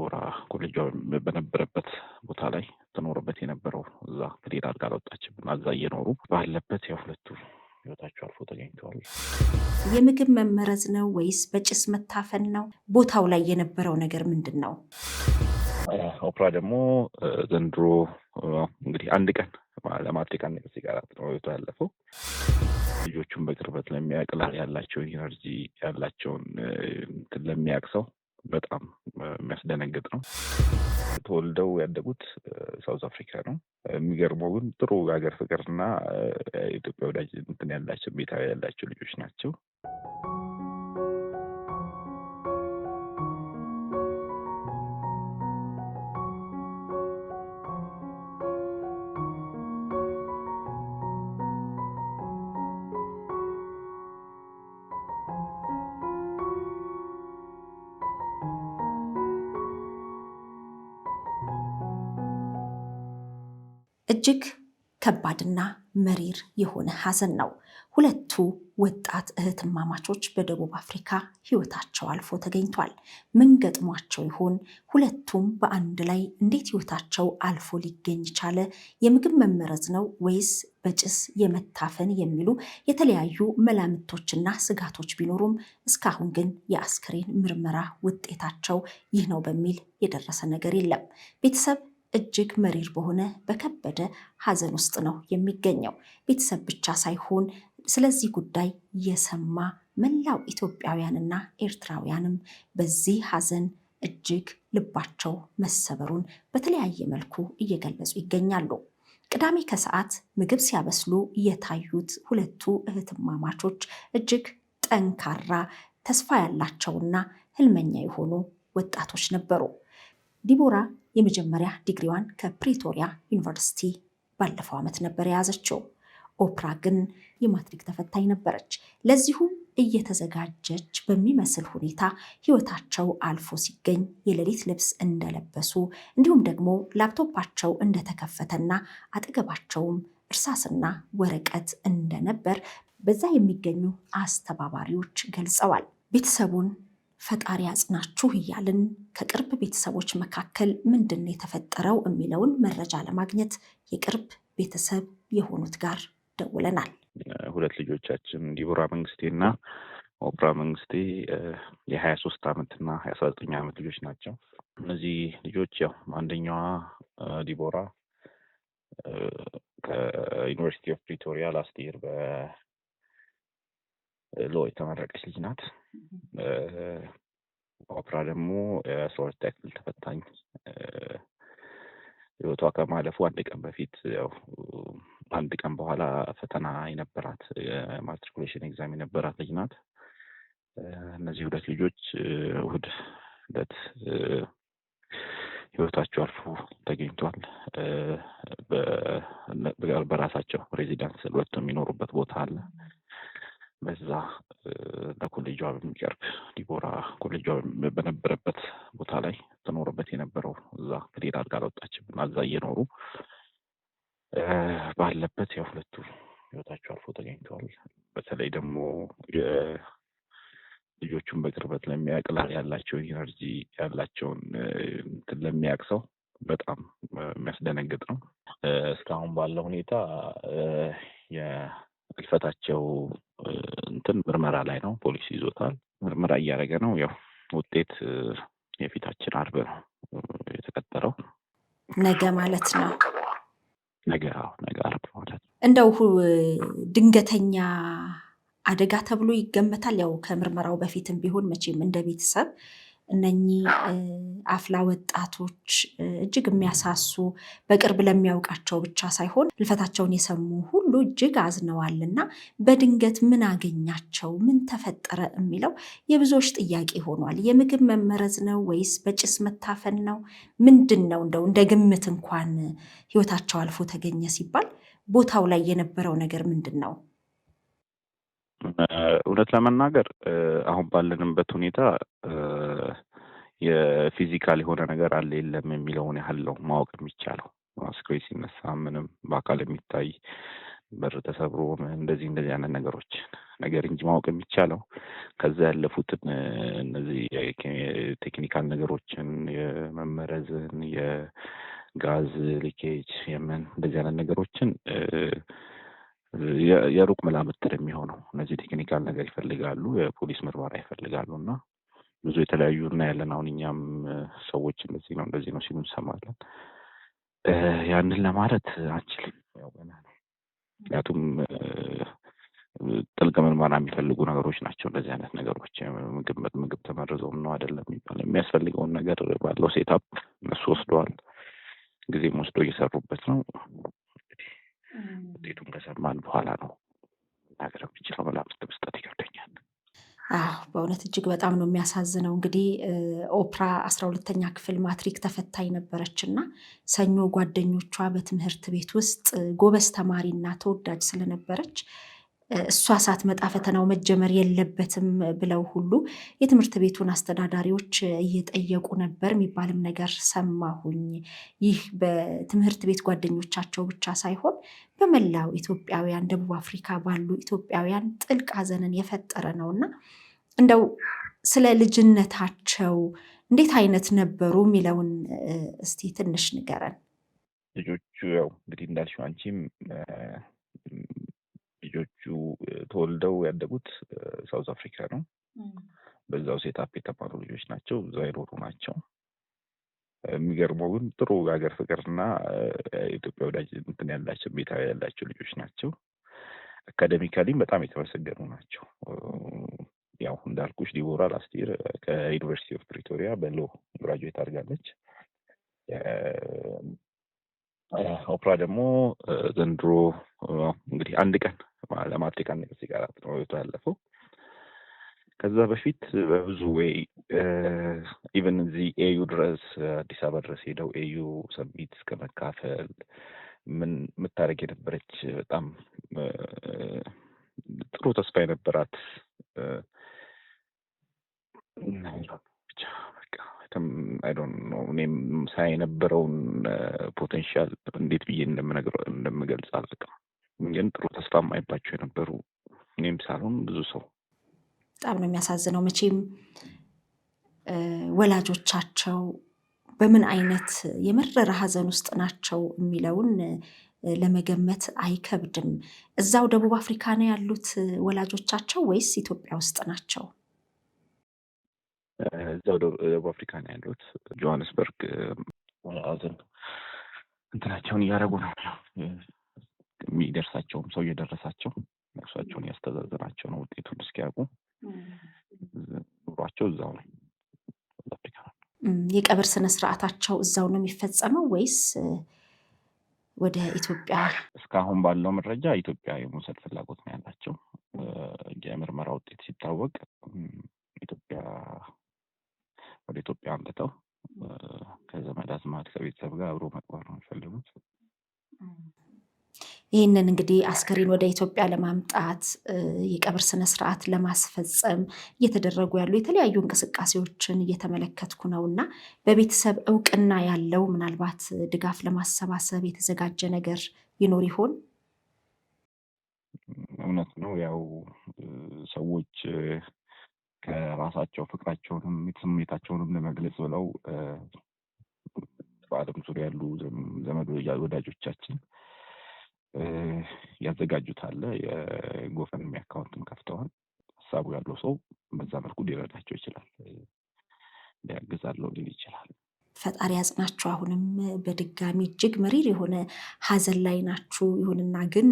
ጎራ ኮሌጇ በነበረበት ቦታ ላይ ተኖርበት የነበረው እዛ ፍሌል አድርጋ አልወጣችም እዛ እየኖሩ ባለበት የሁለቱ ህይወታቸው አልፎ ተገኝተዋል። የምግብ መመረዝ ነው ወይስ በጭስ መታፈን ነው? ቦታው ላይ የነበረው ነገር ምንድን ነው? ኦፕራ ደግሞ ዘንድሮ እንግዲህ አንድ ቀን ለማትሪክ አንድ ቀን ጋር ህይወቱ ያለፈው ልጆቹን በቅርበት ለሚያውቅ ያላቸው ኢነርጂ ያላቸውን ለሚያቅ ሰው በጣም የሚያስደነግጥ ነው። ተወልደው ያደጉት ሳውዝ አፍሪካ ነው። የሚገርመው ግን ጥሩ ሀገር ፍቅርና ኢትዮጵያ ወዳጅ እንትን ያላቸው ቤታዊ ያላቸው ልጆች ናቸው። እጅግ ከባድና መሪር የሆነ ሐዘን ነው። ሁለቱ ወጣት እህትማማቾች በደቡብ አፍሪካ ሕይወታቸው አልፎ ተገኝቷል። ምን ገጥሟቸው ይሆን? ሁለቱም በአንድ ላይ እንዴት ሕይወታቸው አልፎ ሊገኝ ቻለ? የምግብ መመረዝ ነው ወይስ በጭስ የመታፈን የሚሉ የተለያዩ መላምቶችና ስጋቶች ቢኖሩም እስካሁን ግን የአስክሬን ምርመራ ውጤታቸው ይህ ነው በሚል የደረሰ ነገር የለም። ቤተሰብ እጅግ መሪር በሆነ በከበደ ሐዘን ውስጥ ነው የሚገኘው። ቤተሰብ ብቻ ሳይሆን ስለዚህ ጉዳይ የሰማ መላው ኢትዮጵያውያንና ኤርትራውያንም በዚህ ሐዘን እጅግ ልባቸው መሰበሩን በተለያየ መልኩ እየገለጹ ይገኛሉ። ቅዳሜ ከሰዓት ምግብ ሲያበስሉ የታዩት ሁለቱ እህትማማቾች እጅግ ጠንካራ ተስፋ ያላቸውና ህልመኛ የሆኑ ወጣቶች ነበሩ። ዲቦራ የመጀመሪያ ዲግሪዋን ከፕሪቶሪያ ዩኒቨርሲቲ ባለፈው ዓመት ነበር የያዘችው። ኦፕራ ግን የማትሪክ ተፈታኝ ነበረች። ለዚሁም እየተዘጋጀች በሚመስል ሁኔታ ህይወታቸው አልፎ ሲገኝ የሌሊት ልብስ እንደለበሱ እንዲሁም ደግሞ ላፕቶፓቸው እንደተከፈተና አጠገባቸውም እርሳስና ወረቀት እንደነበር በዛ የሚገኙ አስተባባሪዎች ገልጸዋል። ቤተሰቡን ፈጣሪ ያጽናችሁ እያልን ከቅርብ ቤተሰቦች መካከል ምንድን የተፈጠረው የሚለውን መረጃ ለማግኘት የቅርብ ቤተሰብ የሆኑት ጋር ደውለናል። ሁለት ልጆቻችን ዲቦራ መንግስቴና ኦፕራ መንግስቴ የሀያ ሶስት አመትና የአስራ ዘጠኝ አመት ልጆች ናቸው። እነዚህ ልጆች ያው አንደኛዋ ዲቦራ ከዩኒቨርሲቲ ኦፍ ፕሪቶሪያ ላስት ይር ሎ የተመረቀች ልጅ ናት። ኦፕራ ደግሞ የአስራ ያክል ተፈታኝ ህይወቷ ከማለፉ አንድ ቀን በፊት ያው አንድ ቀን በኋላ ፈተና የነበራት የማትሪኩሌሽን ኤግዛም የነበራት ልጅ ናት። እነዚህ ሁለት ልጆች እሑድ ዕለት ህይወታቸው አልፎ ተገኝቷል። በራሳቸው ሬዚደንስ ሁለቱ የሚኖሩበት ቦታ አለ። በዛ በኮሌጇ በሚቀርብ ዲቦራ ኮሌጇ በነበረበት ቦታ ላይ ትኖርበት የነበረው እዛ ከሌላ አድጋ አልወጣችም እና እዛ እየኖሩ ባለበት የሁለቱ ህይወታቸው አልፎ ተገኝተዋል። በተለይ ደግሞ ልጆቹን በቅርበት ለሚያውቅ ያላቸው ኢነርጂ ያላቸውን እንትን ለሚያውቅ ሰው በጣም የሚያስደነግጥ ነው። እስካሁን ባለው ሁኔታ ህልፈታቸው እንትን ምርመራ ላይ ነው። ፖሊስ ይዞታል፣ ምርመራ እያደረገ ነው። ያው ውጤት የፊታችን አርብ ነው የተቀጠረው። ነገ ማለት ነው። ነገ ነገ አርብ ማለት ነው። እንደው ድንገተኛ አደጋ ተብሎ ይገመታል። ያው ከምርመራው በፊትም ቢሆን መቼም እንደ ቤተሰብ እነኚህ አፍላ ወጣቶች እጅግ የሚያሳሱ በቅርብ ለሚያውቃቸው ብቻ ሳይሆን ህልፈታቸውን የሰሙ ሁሉ እጅግ አዝነዋል እና በድንገት ምን አገኛቸው፣ ምን ተፈጠረ የሚለው የብዙዎች ጥያቄ ሆኗል። የምግብ መመረዝ ነው ወይስ በጭስ መታፈን ነው? ምንድን ነው? እንደው እንደ ግምት እንኳን ህይወታቸው አልፎ ተገኘ ሲባል ቦታው ላይ የነበረው ነገር ምንድን ነው? እውነት ለመናገር አሁን ባለንበት ሁኔታ የፊዚካል የሆነ ነገር አለ የለም የሚለውን ያህል ነው ማወቅ የሚቻለው። አስክሬ ሲነሳ ምንም በአካል የሚታይ በር ተሰብሮ እንደዚህ እንደዚህ አይነት ነገሮች ነገር እንጂ ማወቅ የሚቻለው ከዛ ያለፉትን እነዚህ ቴክኒካል ነገሮችን የመመረዝን፣ የጋዝ ሊኬጅ የምን እንደዚህ አይነት ነገሮችን የሩቅ መላምትር የሚሆነው እነዚህ ቴክኒካል ነገር ይፈልጋሉ፣ የፖሊስ ምርመራ ይፈልጋሉ እና ብዙ የተለያዩ እናያለን። አሁን እኛም ሰዎች እንደዚህ ነው እንደዚህ ነው ሲሉ እንሰማለን። ያንን ለማለት አንችልም። ምክንያቱም ጥልቅ ምርመራ የሚፈልጉ ነገሮች ናቸው። እንደዚህ አይነት ነገሮች ምግብ ምግብ ተመርዘውም ነው አይደለም የሚባለ የሚያስፈልገውን ነገር ባለው ሴታፕ እነሱ ወስደዋል። ጊዜም ወስዶ እየሰሩበት ነው። ውጤቱም ከሰማን በኋላ ነው ነገር የምችለው ምላምት መስጠት ይከብደኛል። አዎ በእውነት እጅግ በጣም ነው የሚያሳዝነው። እንግዲህ ኦፕራ አስራ ሁለተኛ ክፍል ማትሪክ ተፈታኝ ነበረች እና ሰኞ ጓደኞቿ በትምህርት ቤት ውስጥ ጎበዝ ተማሪና ተወዳጅ ስለነበረች እሷ ሳትመጣ ፈተናው መጀመር የለበትም ብለው ሁሉ የትምህርት ቤቱን አስተዳዳሪዎች እየጠየቁ ነበር የሚባልም ነገር ሰማሁኝ። ይህ በትምህርት ቤት ጓደኞቻቸው ብቻ ሳይሆን በመላው ኢትዮጵያውያን፣ ደቡብ አፍሪካ ባሉ ኢትዮጵያውያን ጥልቅ ሐዘንን የፈጠረ ነውና እንደው ስለ ልጅነታቸው እንዴት አይነት ነበሩ የሚለውን እስቲ ትንሽ ንገረን። ልጆቹ ያው እንግዲህ እንዳልሽው አንቺም ልጆቹ ተወልደው ያደጉት ሳውዝ አፍሪካ ነው። በዛው ሴታፕ የተማሩ ልጆች ናቸው። እዛ የኖሩ ናቸው። የሚገርመው ግን ጥሩ ሀገር ፍቅርና ኢትዮጵያ ወዳጅ እንትን ያላቸው ቤታዊ ያላቸው ልጆች ናቸው። አካደሚካሊም በጣም የተመሰገኑ ናቸው። ያው እንዳልኩሽ ዲቦራ ላስት ላስቲር uh, ከዩኒቨርሲቲ ኦፍ ፕሪቶሪያ በሎ ግራጁዌት አድርጋለች። uh, uh, ኦፕራ ደግሞ ዘንድሮ እንግዲህ አንድ ቀን ለማትሪክ አንድ ቀን ሲቀራት ነው ህይወቷ ያለፈው። ከዛ በፊት በብዙ ወይ ኢቨን እዚህ ኤዩ ድረስ አዲስ አበባ ድረስ ሄደው ኤዩ ሰሚት እስከ መካፈል ምን የምታደርግ የነበረች በጣም ጥሩ ተስፋ የነበራት ብቻ በቃ እኔም ሳይ የነበረውን ፖቴንሻል እንዴት ብዬ እንደምገልጽ አላውቅም። ግን ጥሩ ተስፋ ማይባቸው የነበሩ እኔም ሳልሆን ብዙ ሰው በጣም ነው የሚያሳዝነው። መቼም ወላጆቻቸው በምን አይነት የመረረ ሀዘን ውስጥ ናቸው የሚለውን ለመገመት አይከብድም። እዛው ደቡብ አፍሪካ ነው ያሉት ወላጆቻቸው ወይስ ኢትዮጵያ ውስጥ ናቸው? እዛው ደቡብ አፍሪካ ነው ያሉት። ጆሃንስበርግ አዘን እንትናቸውን እያደረጉ ነው የሚደርሳቸውም ሰው እየደረሳቸው ነፍሳቸውን እያስተዛዘናቸው ነው። ውጤቱን እስኪያውቁ ኑሯቸው እዛው ነው ነው። የቀብር ስነ ስርዓታቸው እዛው ነው የሚፈጸመው ወይስ ወደ ኢትዮጵያ? እስካሁን ባለው መረጃ ኢትዮጵያ የመውሰድ ፍላጎት ነው ያላቸው። የምርመራ ውጤት ሲታወቅ ኢትዮጵያ ወደ ኢትዮጵያ አምጥተው ከዘመድ አዝማድ ከቤተሰብ ጋር አብሮ መቅበር ነው የሚፈልጉት። ይህንን እንግዲህ አስከሬን ወደ ኢትዮጵያ ለማምጣት የቀብር ስነስርዓት ለማስፈጸም እየተደረጉ ያሉ የተለያዩ እንቅስቃሴዎችን እየተመለከትኩ ነው እና በቤተሰብ እውቅና ያለው ምናልባት ድጋፍ ለማሰባሰብ የተዘጋጀ ነገር ይኖር ይሆን? እውነት ነው ያው ሰዎች ከራሳቸው ፍቅራቸውንም ስሜታቸውንም ለመግለጽ ብለው በዓለም ዙሪያ ያሉ ዘመድ ወዳጆቻችን ያዘጋጁታል። የጎፈን አካውንትም ከፍተዋል። ሀሳቡ ያለው ሰው በዛ መልኩ ሊረዳቸው ይችላል፣ ሊያግዛለው ሊል ይችላል። ፈጣሪ ያጽናችሁ። አሁንም በድጋሚ እጅግ መሪር የሆነ ሀዘን ላይ ናችሁ። ይሁንና ግን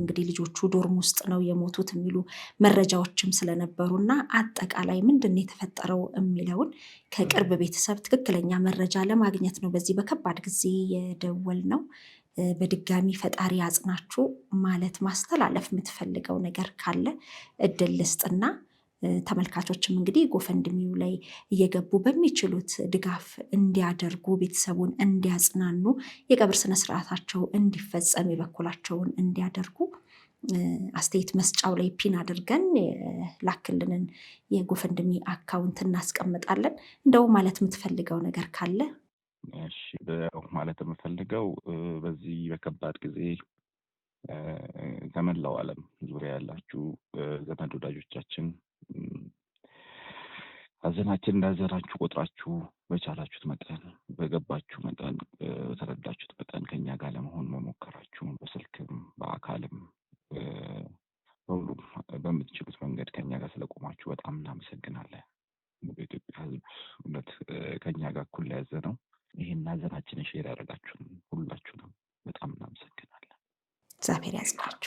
እንግዲህ ልጆቹ ዶርም ውስጥ ነው የሞቱት የሚሉ መረጃዎችም ስለነበሩ እና አጠቃላይ ምንድን የተፈጠረው የሚለውን ከቅርብ ቤተሰብ ትክክለኛ መረጃ ለማግኘት ነው በዚህ በከባድ ጊዜ የደወል ነው። በድጋሚ ፈጣሪ ያጽናችሁ ማለት ማስተላለፍ የምትፈልገው ነገር ካለ እድል ልስጥና ተመልካቾችም እንግዲህ ጎፈንድሚው ላይ እየገቡ በሚችሉት ድጋፍ እንዲያደርጉ ቤተሰቡን እንዲያጽናኑ የቀብር ስነስርዓታቸው እንዲፈጸም የበኩላቸውን እንዲያደርጉ አስተያየት መስጫው ላይ ፒን አድርገን ላክልንን የጎፈንድሚ አካውንት እናስቀምጣለን። እንደው ማለት የምትፈልገው ነገር ካለ? ማለት የምፈልገው በዚህ በከባድ ጊዜ ከመላው ዓለም ዙሪያ ያላችሁ ዘመድ ወዳጆቻችን ሀዘናችን እንዳዘናችሁ ቆጥራችሁ በቻላችሁት መጠን በገባችሁ መጠን በተረዳችሁት መጠን ከኛ ጋር ለመሆን መሞከራችሁ በስልክም በአካልም በሁሉም በምትችሉት መንገድ ከኛ ጋር ስለቆማችሁ በጣም እናመሰግናለን። በኢትዮጵያ ህዝብ እውነት ከኛ ጋር እኩል ለያዘ ነው። ይህን ሀዘናችንን ሼር ያደረጋችሁን ሁላችሁንም በጣም እናመሰግናለን። እግዚአብሔር ያጽናችሁ።